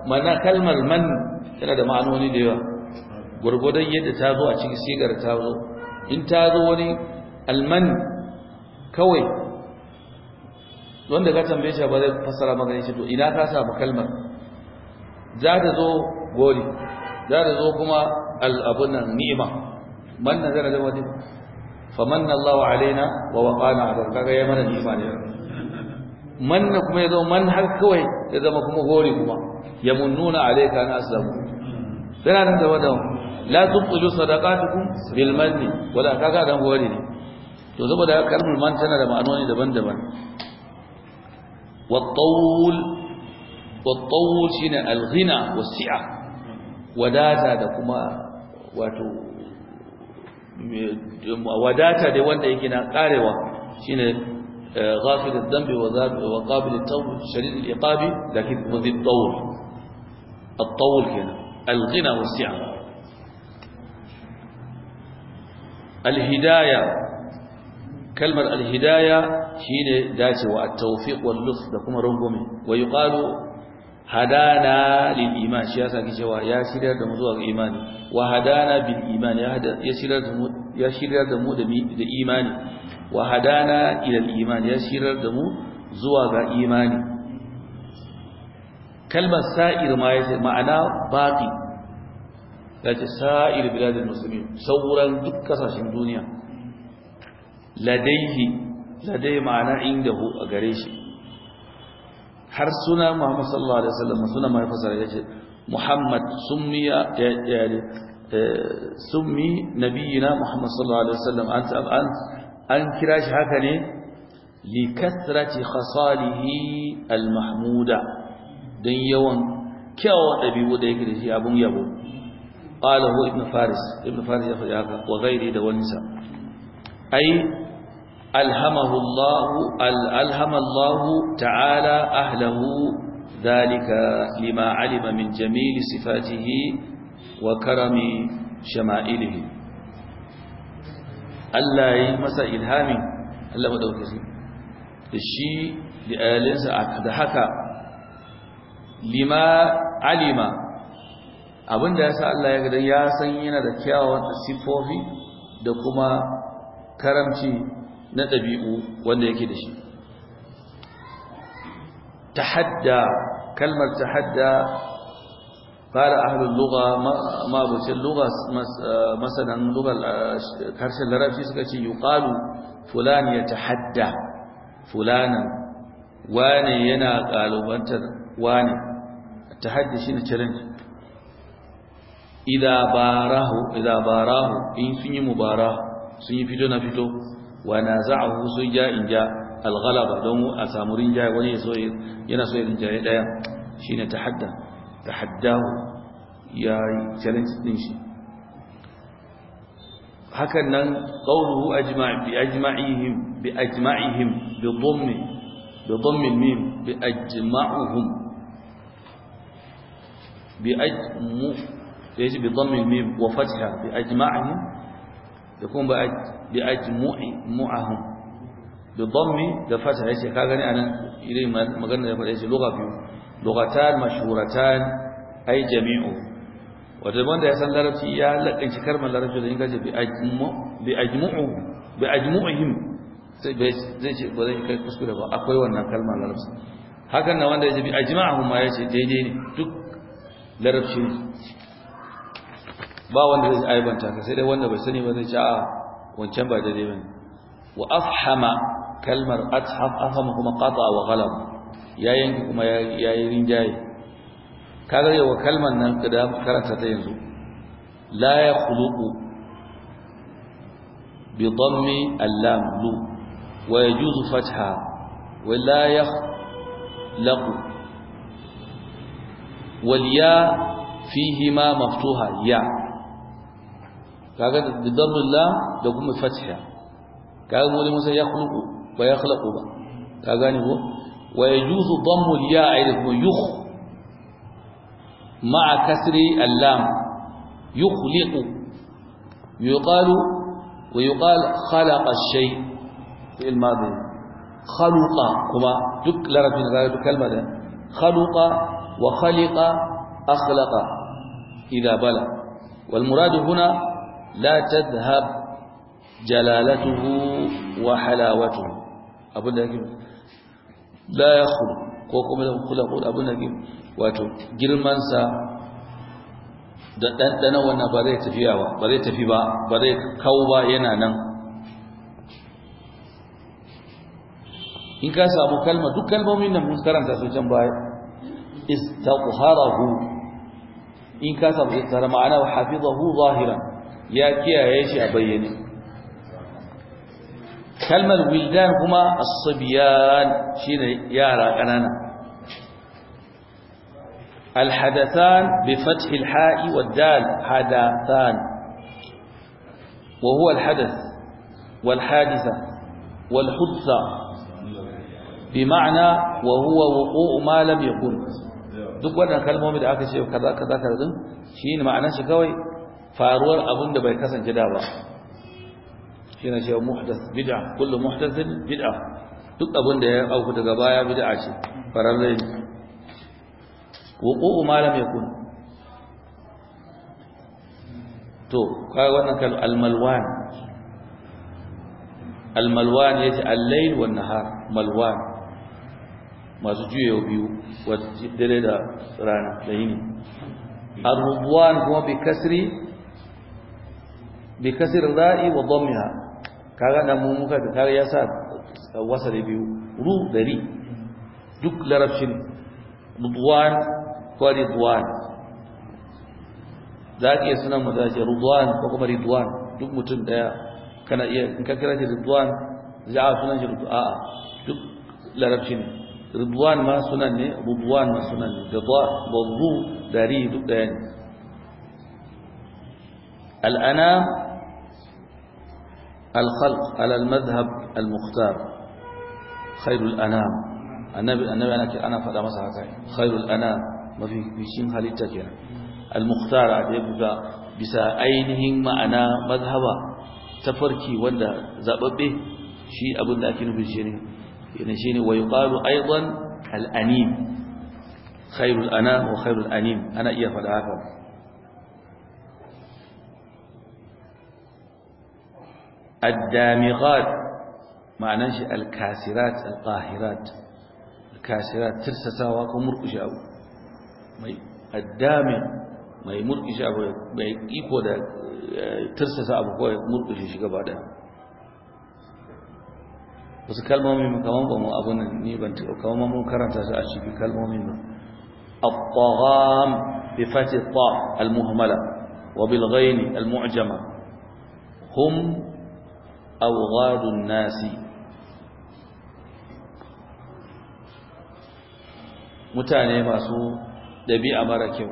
Speaker 1: mana kalmar man tana da ma'anoni da yawa gurgudan yadda ta zo a cikin sigar ta zo in ta zo wani alman kawai wanda ka tambaye shi ba zai fassara maka ne to ina ka samu kalmar za ta zo gori za ta zo kuma al'abunan ni'ima man nazara da wani famanna Allah alaina wa waqana adab kaga ya mana ni'ima ne manna kuma ya zama man har kawai ya zama kuma gori kuma yamunnuna alayka an aslamu yana nan da wannan la tubtilu sadaqatukum bil manni wala kaga dan gori ne to saboda kalmar man tana da ma'anoni daban-daban wat-tawl wat-tawl shine al-ghina wadata da kuma wato wadata da wanda yake na karewa shine ghafil ad-dambi wa qabil at-tawb shadid al-iqabi lakin mudhi at الطول هنا الغنى والسعة الهداية كلمة الهداية هنا داتي والتوفيق واللطف لكم رنقمي ويقال هدانا للإيمان شياسا كشوا يا سيدر دمزوا الإيمان وهدانا بالإيمان يا سيدر يا سيدر دمو دمي وهدانا إلى الإيمان يا سيدر دمو زوا إيماني kalmar sa'ir ma yace ma'ana baqi yace sa'ir biladul muslimin sauran duk kasashen duniya ladaihi ladai ma'ana indahu a gare shi har suna Muhammad sallallahu alaihi wasallam suna mai fasara yace Muhammad summiya yani summi nabiyina Muhammad sallallahu alaihi wasallam an an an kira shi haka ne li kasrati khasalihi al mahmuda don yawan kyawar ɗabi'u da yake da shi abun yabo qala ibn faris ibn faris ya faɗi haka wa ghairi da waninsa ai alhamahu alhama ta'ala ahlahu zalika lima alima min jamili sifatihi wa karami shama'ilihi Allah yi masa ilhamin Allah madaukakin da shi da ayalinsa da haka lima alima abinda ya sa Allah ya gada ya san yana da kyawawan siffofi da kuma karamci na ɗabi’u wanda yake da shi tahadda kalmar tahadda fara ahalun luga mabucin luga eh, masanan lugar eh, larabci suka ce yukalu fulani ya tahadda fulanin wane yana ƙalubantar wane tahaddi ne challenge idan barahu idan barahu in sun yi mubara sun yi fito na fito wa naza'ahu sun ja in ja alghalaba don a samu rinjaye wani so yana so rinjaye daya ne tahadda tahaddahu ya challenge din shi hakan nan qawluhu ajma' bi ajma'ihim bi ajma'ihim bi dhamm bi dhamm mim bi ajma'uhum bi ajmu sai shi bi dhammil mim wa fatha bi ajma'ihim da kuma bi ajmu'i mu'ahum bi dhammi da fatha yace ka gani anan irin magana da yace lugha biyu lughatan mashhuratan jami'u wato wanda ya san larabci ya lakanci karman larabci da ingaje bi ajmu bi ajmu'u bi akwai wannan kalmar larabci hakan na wanda ya bi ajma'ahum ma yace duk larabci ba wanda zai aibanta ka sai dai wanda bai sani ba zai ci a wancan ba daidai ba wa afhama kalmar atham afhama kuma qata wa ghalaba ya yanki kuma ya yi rinjaye kaga yawa kalmar nan da karanta ta yanzu la ya khuluqu bi dhammi allam lu wa yajuzu fatha wa la yakhlaqu waliya fi hima maftuha ya kaga da dabbullah da kuma fatha kaga wani musa ya khuluqu ba ya khuluqu ba ka gane ko wa yajuzu dammu ya aidan kuma yukh ma'a kasri allam yukhliqu yuqalu wa yuqal khalaqa kuma duk larabin khaluqa wa khaliqa akhlaqa idha bala wal murad huna la tadhhab jalalatuhu wa halawatuhu da yake la yakhlu ko kuma da khulaqu abin da yake wato girman sa da dandana ba zai zai tafi ba zai ba yana nan in ka samu kalma duk kalmomin nan mun karanta su can baya istadharahu in ka samu istadhara ma'ana wa hafizahu zahiran ya kiyaye shi a bayyane kalmar wildan kuma as-sabyan shine yara kanana الحدثان بفتح الحاء والدال حدثان وهو الحدث والحادثة والحدثة bi ma'ana wa huwa wuqu'u ma lam yakun duk wannan kalmomi da aka ce kaza kaza kaza din shine ma'anar shi kawai faruwar abin da bai kasance da ba shine shi muhdas bid'a kullu muhdathin bid'a duk abin da ya auku daga baya bid'a ce farallai wuqu'u ma lam yakun to kai wannan kal almalwan almalwan yace al-layl wan nahar malwan masu juyewa biyu wacce dare da rana da yini arubuwan kuma bi kasri bi kasir ra'i wa dhammiha kaga da mu muka da kare sa wasale biyu ru dari duk larabcin rubuwan ko ridwan zaki iya sunan mutashi rubuwan ko kuma ridwan duk mutum daya kana iya in ka kira shi ridwan za a sunan shi a'a duk larabci ne رضوان ما سنن رضوان ما سنن رضا والضوء داري دقان الأنا الخلق على المذهب المختار خير الانام النبي النبي أنا كأنا فلا مسحة خير الانام ما في بيشين خليل تكير المختار عجبك بسا أينهم ما أنا مذهبا تفركي وندا زببه شيء أبو ناكين بيشينه ينجيني ويقال أيضا الأنيم خير الأنام وخير الأنيم أنا إيا فلاك الدامغات معنى الكاسرات القاهرات الكاسرات ترسى سواك ومرقش أو الدامغ ما يمرقش أو يكود آه، ترسى سواك ومرقش شكبه wasu kalmomi kamar ba mu abin ni ban taɓa kamar mun karanta su a cikin kalmomi ba الطغام بفتح الطاء المهملة وبالغين hum هم أوغاد الناس mutane masu ɗabi'a mara kyau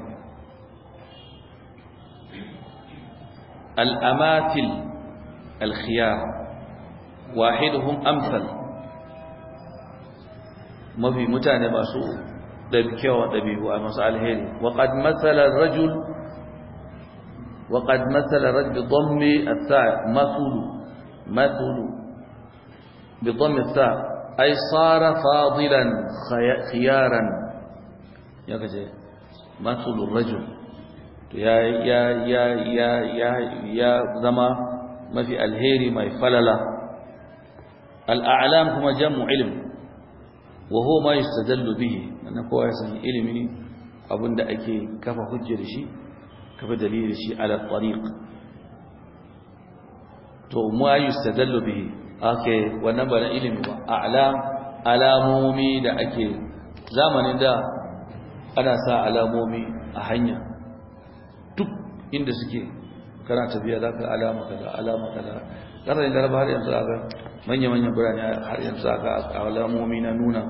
Speaker 1: al al'amatil alkhiyar wahiduhum amsal mafi mutane masu dabkewa dabi'u a masu alheri wa qad mathala rajul wa qad mathala ar-rajul bi dhammi as-sa' masulu masulu bi dhammi as-sa' ay sara fadilan khiyaran ya kace masulu rajul ya ya ya ya ya zama mafi alheri mai falala al'alam kuma jam'u ilm wa huwa ma yastadallu bihi wannan kowa ya san ilimi abinda ake kafa hujja da shi kafa dalili da ala tariq to ma yastadallu bihi okay wannan ba na ilimi ba a'lam alamomi da ake zamanin da ana sa alamomi a hanya duk inda suke kana tafiya zaka alama kaza alama kaza ƙarfin garba har yanzu a manya-manyan birane har yanzu a ga alamomi na nuna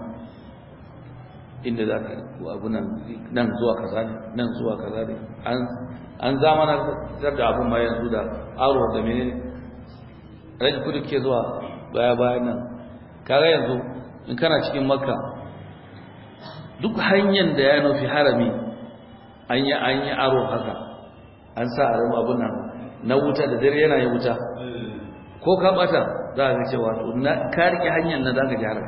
Speaker 1: inda za ka abu nan zuwa ka zane nan zuwa ka zane an zar da abin ma yanzu da aro da mene rai kudu ke zuwa baya-bayan nan kaga yanzu in kana cikin makka duk hanyar da ya nufi harami an yi aro haka an sa a abin nan na wuta da dare yana yi wuta ko ka bata za ka cewa to ka rike hanyar na, za ka ji haram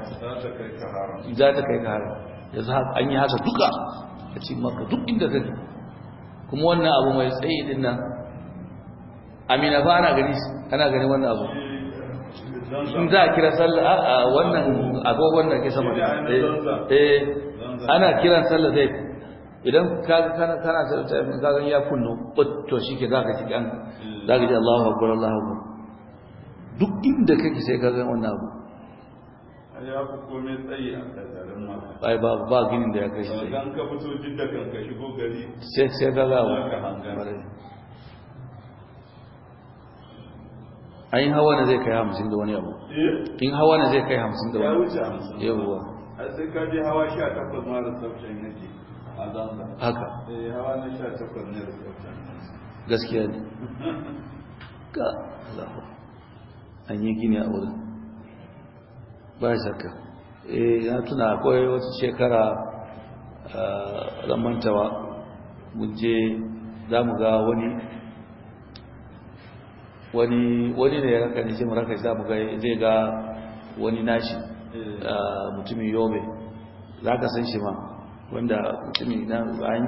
Speaker 2: za ta kai ka haram yanzu an yi haka duka
Speaker 1: a cikin maka duk inda ka kuma wannan abu mai tsayi din nan amina fa ana gani ana gani wannan abu
Speaker 2: in za a kira sallah a wannan
Speaker 1: agogon da ke sama eh, eh ana kiran sallah zai idan ka kana kana sallah ka ga ya kunno to shike zaka ji an ka ji Allahu akbar Allahu akbar duk inda kake sai ka ga wannan abu ya fi komai tsayi a kasarin ma ba ba ginin da ya kai shi dan ka fito jidda kan ka shigo gari sai sai ka ga ayin hawa ne zai kai hamsin da wani abu eh? in hawa ne zai kai hamsin da wani abu ya wuce
Speaker 2: a sai ka je hawa 18 ma reception yake a zanza haka eh hawa na 18 ne reception
Speaker 1: gaskiya ne (laughs) ka Allahu an yi gini a wurin ba shakka eh na tuna akwai wata shekara ramantawa ah, mun je za mu ga wani wani wani ne ya raka ne shi mu raka za mu ga zai ga wani nashi eh. ah, mutumin yobe za ka san shi ma wanda mutumin na an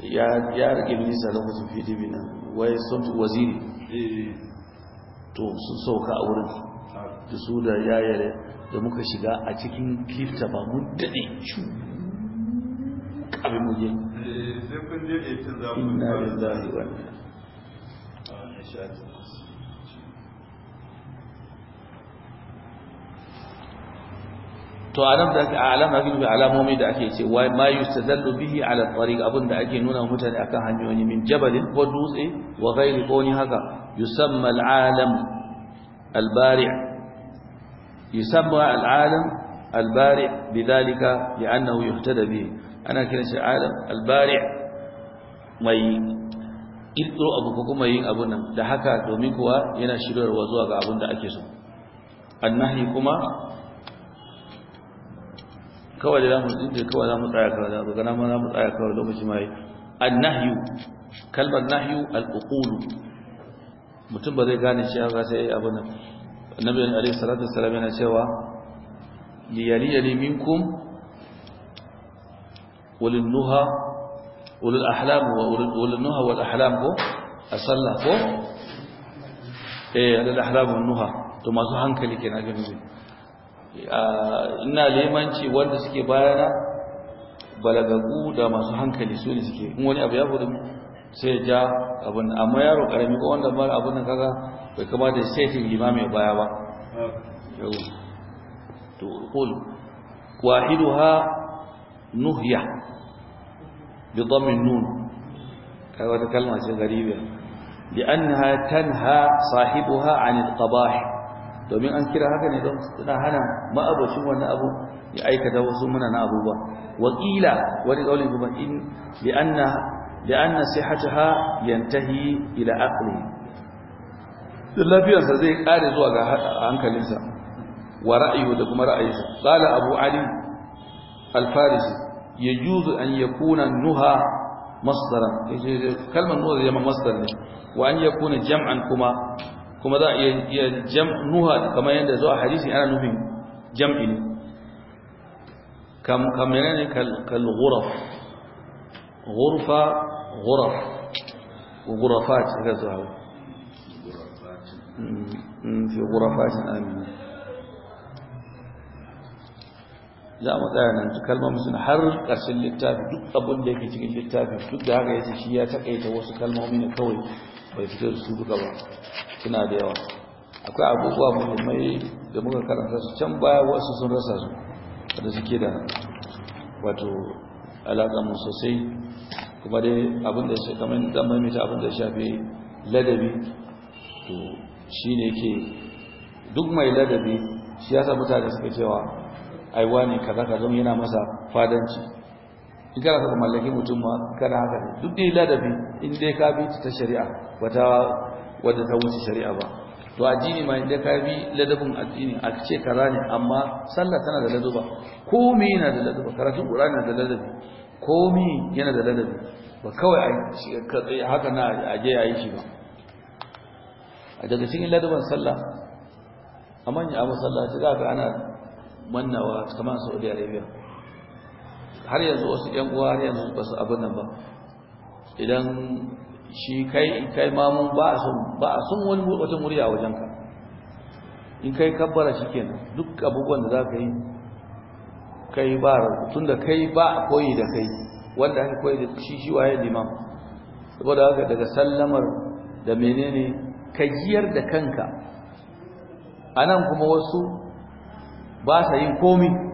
Speaker 1: ya rage minista lokacin pdp nan wai sun waziri eh, eh. to sun sauka a wurin da su da yayare da muka shiga a cikin kifta ba mun daɗe cu abin muje eh,
Speaker 2: sai kun je ne inna lillahi wa inna
Speaker 1: to alam da alam ake nufi alamomi da ake ce wai ma yustadallu bihi ala tariq abin da ake nuna mutane akan hanyoyi min jabalin ko dutse wa ghairi ko ni haka yusamma al-alam al-bari' yusamma al-alam al-bari' bidhalika li'annahu yuhtada bihi ana kiran shi alam al-bari' mai ilto abu ko kuma yin abun nan da haka domin kuwa yana shirarwa zuwa ga abin da ake so annahi kuma kawai da zamu inda kawai zamu tsaya kawai da gana ma zamu tsaya kawai lokaci mai annahyu kalmar nahyu al-uqul mutum ba zai gane shi ga sai abin nan annabi alaihi salatu wassalam yana cewa liyali yali minkum ulul nuha ulul ahlam wa ulul nuha wal ahlam ko asalla ko eh ulul ahlam wal nuha to masu hankali kenan ga mutum ina limanci wanda suke bayana balagagu da masu hankali su ne suke in wani abu ya faru sai ja abin amma yaro karami ko wanda mara abin nan kaga bai kama da setting limami baya ba yau to qul wahiduha nuhya bi dhamm nun kai wata kalma ce garibiya li annaha tanha sahibuha anil qabah domin an kira haka ne don suna hana ma'abocin wani abu ya aikata wasu munana abubuwa wakila wani kaulin kuma in bi anna bi anna sihhataha yantahi ila aqli dan lafiyarsa zai kare zuwa ga hankalinsa wa ra'ayi da kuma ra'ayinsa qala abu ali al-farisi yajuzu an yakuna nuha masdaran kalmar nuha zai zama masdar ne wa an yakuna jam'an kuma kuma za a iya jam'uha kamar yadda zuwa hadisi ana nufin jam'i ne kamar ne kalghuraf ghurfa ghuraf ghurafat ga zuwa في غرفات آمنة za mu tsaya nan kalmar musulun har ƙarshen littafi duk abin da yake cikin littafi duk da haka ya ce shi ya taƙaita wasu kalmomi ne kawai bai fito da su duka ba suna da yawa akwai abubuwa muhimmai da muka karanta su can baya wasu sun rasa su da suke da wato alaƙa mu sosai kuma dai abin da shafi kamar zan maimaita abin da ya shafi ladabi to shi ne ke duk mai ladabi shi ya sa mutane suka cewa aiwa ne kaza kaza yana masa fadanci in kana ka mallaki mutum ma kana haka ne duk dai ladabi in dai ka bi ta shari'a wata wadda ta wuce shari'a ba to addini ma in dai ka bi ladabin addini a ce kaza ne amma sallah tana da ladaba komai yana da ladaba karatun qur'ani da ladabi komai yana da ladabi ba kawai a haka na aje yi shi ba a daga cikin ladaban sallah a manya a masallaci za ka ana mannawa kamar Saudi Arabia har yanzu wasu yan uwa har yanzu ba su abin nan ba idan shi kai kai ma mun ba a sun wani wata murya wajen ka in kai kabbara kenan duk abubuwan da za ka yi kai ba tunda kai ba koyi da kai wanda aka koyi da shi shi waye limam saboda haka daga sallamar da menene ka kajiyar da kanka anan kuma wasu ba sa yin komi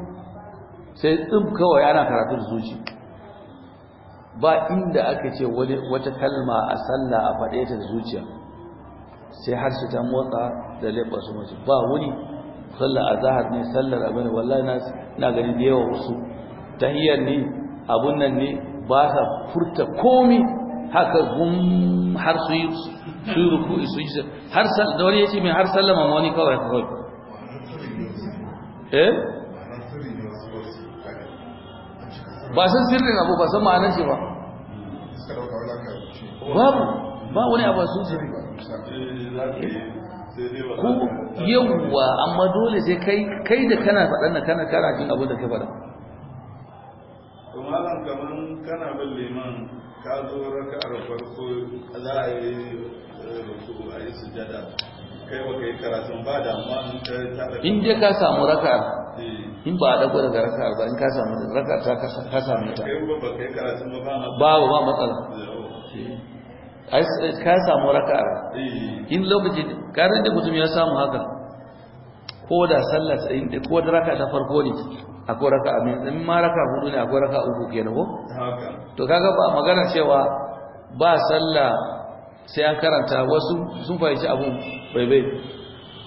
Speaker 1: sai tsib kawai ana karatun zuci ba inda aka ce wata kalma a sallah a faɗe ta zuciya sai har su ta motsa da leɓa su mace ba wuni a zahar ne sallar abin wallahi na gani da yawa wasu hiyar ne abun nan ne ba sa furta komi haka gum har su yi su ruku su yi har da wani ya ce mai har ma wani kawai kawai eh ba san sirrin abu ba san ma'anar shi ba babu ba wani abu sun sirri ko yawwa amma dole sai kai kai da kana faɗan na kana kana jin abu da ka faɗa
Speaker 2: to malam kaman kana bin liman ka zo raka'ar farko za a yi eh, ruku a yi sujada kai ba da amma in ta in dai ka samu raka eh. in ba a dago daga
Speaker 1: raka ba in ka samu raka ta ka samu ta kai
Speaker 2: ba ba ba ba matsala eh. ka
Speaker 1: samu raka eh. in lokaci karin da mutum ya samu haka ko da sallah ko da raka ta farko ne akwai raka amin in ma raka hudu ne akwai raka uku kenan ko to kaga ba magana cewa ba sallah sai an karanta wasu sun fahimci abun bai bai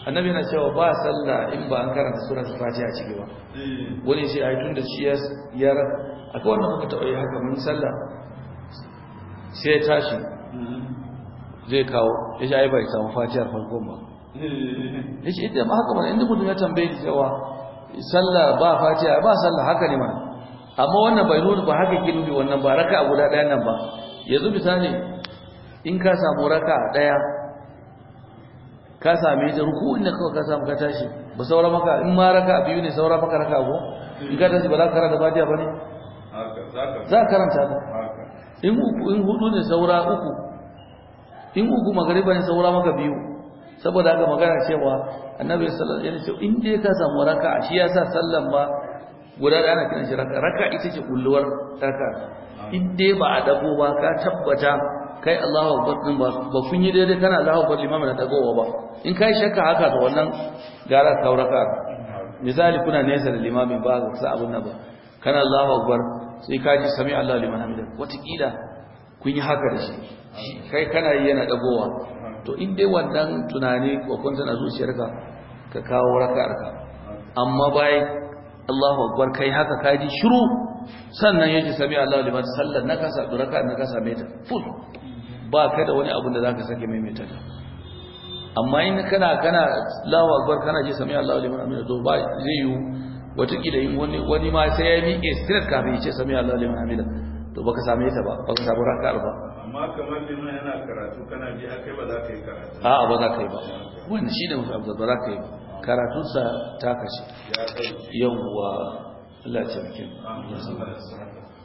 Speaker 1: annabi yana cewa ba sallah in ba an karanta surar fatiha ciki ba eh. wani shi tun tunda shi ya akwai wannan muka taɓa yi haka mun sallah sai ya tashi mm-hmm. zai kawo ya shi ai bai samu fatihar farkon ba eh. ya ce ita ma haka mana inda mutum ya tambaye ni cewa sallah ba fatiha ba sallah haka ne mana amma wannan bai nuna ba haka kin bi wannan ba raka a guda ɗaya nan ba yanzu misali in ka samu raka a ɗaya ka same ta ruku'un da kawai ka samu ka tashi ba saura maka in ma raka biyu ne saura maka raka go in ka tashi ba za ka karanta fatiha ba ne
Speaker 2: za ka karanta ba
Speaker 1: in hudu ne saura uku in uku magariba ne saura maka biyu saboda haka magana cewa annabi sallallahu alaihi wasallam in dai ka samu raka shi yasa sallan ba guda da ana kiran shi raka raka ita ce kulluwar raka in dai ba a dago ba ka tabbata kai Allahu akbar din ba ba kun yi daidai kana Allahu akbar limamin da tagowa ba in kai shakka haka to wannan gara sauraka misali kuna nesa da limamin ba ka sa abun nan ba kana Allahu akbar sai ka ji sami Allahu liman hamida watakila kun yi haka da shi kai kana yi yana dagowa to in dai wannan tunani ko kun tana zuciyarka ka kawo raka'arka amma bai Allahu akbar kai haka ka ji shiru sannan yace sami Allahu liman sallar na kasa duraka na kasa ta full ba ka da wani abin da za ka sake maimaita ta amma in kana kana lawa akbar kana ji sami Allahu liman hamida to ba zai yi watakila in wani wani ma sai ya miƙe sirat kafin ya ce sami Allahu liman hamida to baka same ta ba baka samu raka'ar ba
Speaker 2: amma kamar liman yana
Speaker 1: karatu kana ji akai ba za ka yi karatu a'a ba za ka yi ba wannan shine mutum ba za ka yi karatun sa ta kashe yawwa Allah ya tsare